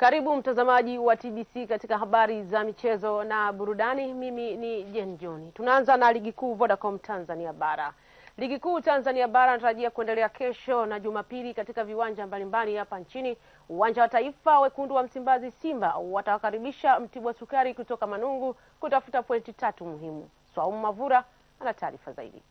Karibu mtazamaji wa TBC katika habari za michezo na burudani. Mimi ni Jen joni Tunaanza na ligi kuu Vodacom Tanzania Bara. Ligi kuu Tanzania Bara anatarajia kuendelea kesho na Jumapili katika viwanja mbalimbali hapa nchini. Uwanja wa Taifa, wekundu wa Msimbazi Simba watawakaribisha Mtibwa Sukari kutoka Manungu kutafuta pointi tatu muhimu. Swaumu Mavura ana taarifa zaidi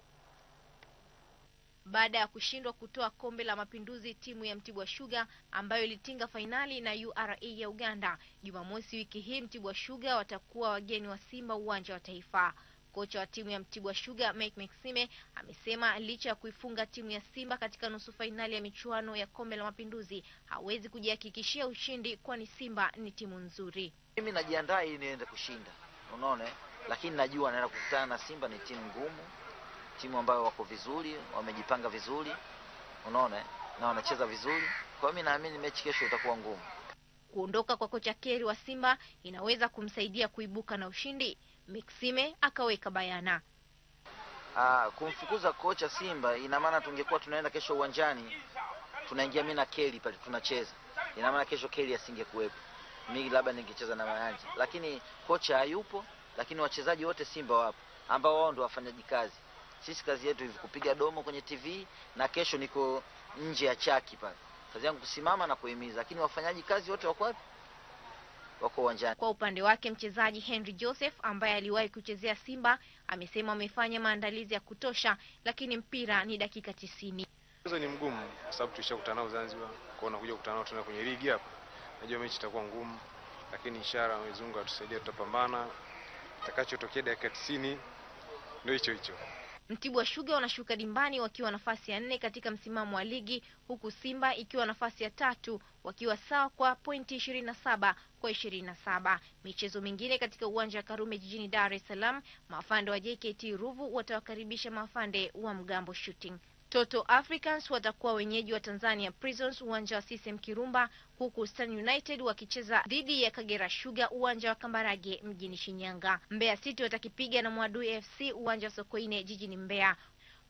baada ya kushindwa kutoa kombe la mapinduzi timu ya Mtibwa Sugar ambayo ilitinga fainali na URA ya Uganda. Jumamosi wiki hii Mtibwa Sugar watakuwa wageni wa Simba uwanja wa Taifa. Kocha wa timu ya Mtibwa Sugar Mike Maxime amesema licha ya kuifunga timu ya Simba katika nusu fainali ya michuano ya kombe la mapinduzi hawezi kujihakikishia ushindi, kwani Simba ni timu nzuri. Mimi najiandaa ili niende kushinda, unaona, lakini najua naenda kukutana na Simba ni timu ngumu timu ambayo wako vizuri, wamejipanga vizuri, unaona na wanacheza vizuri. Kwa hiyo mimi naamini mechi kesho itakuwa ngumu. Kuondoka kwa kocha Keri wa Simba inaweza kumsaidia kuibuka na ushindi, Maxime akaweka bayana. Aa, ah, kumfukuza kocha Simba ina maana tungekuwa tunaenda kesho uwanjani tunaingia mimi na Keri pale tunacheza, ina maana kesho Keri asingekuwepo, mimi labda ningecheza na mayanji lakini kocha hayupo, lakini wachezaji wote Simba wapo ambao wao ndio wafanyaji kazi sisi kazi yetu hivi kupiga domo kwenye TV, na kesho niko nje ya chaki pale, kazi yangu kusimama na kuhimiza, lakini wafanyaji kazi wote wako wapi? Wako uwanjani. Kwa upande wake mchezaji Henry Joseph ambaye aliwahi kuchezea Simba amesema amefanya maandalizi ya kutosha, lakini mpira ni dakika tisini. Mchezo ni mgumu kwa sababu tulishakutana nao Zanzibar, kwa nakuja kukutana nao tena kwenye ligi hapa. Najua mechi itakuwa ngumu, lakini ishara Mwenyezi Mungu atusaidia, tutapambana. Takachotokea dakika 90 ndio hicho hicho. Mtibwa Sugar wanashuka dimbani wakiwa nafasi ya nne katika msimamo wa ligi huku Simba ikiwa nafasi ya tatu wakiwa sawa kwa pointi 27 kwa 27. Michezo mingine katika uwanja wa Karume jijini Dar es Salaam, maafande wa JKT Ruvu watawakaribisha maafande wa Mgambo Shooting toto Africans watakuwa wenyeji wa Tanzania Prisons uwanja wa CCM Kirumba, huku Stan United wakicheza dhidi ya Kagera Sugar uwanja wa Kambarage mjini Shinyanga. Mbeya City watakipiga na Mwadui FC uwanja wa Sokoine jijini Mbeya.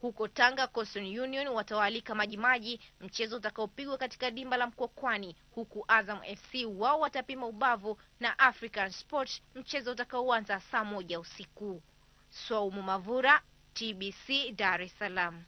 Huko Tanga, Coastal Union watawaalika Majimaji, mchezo utakaopigwa katika dimba la Mkwakwani, huku Azam FC wao watapima ubavu na African Sports, mchezo utakaoanza saa moja usiku. Swaumu Mavura, TBC, Dar es Salaam.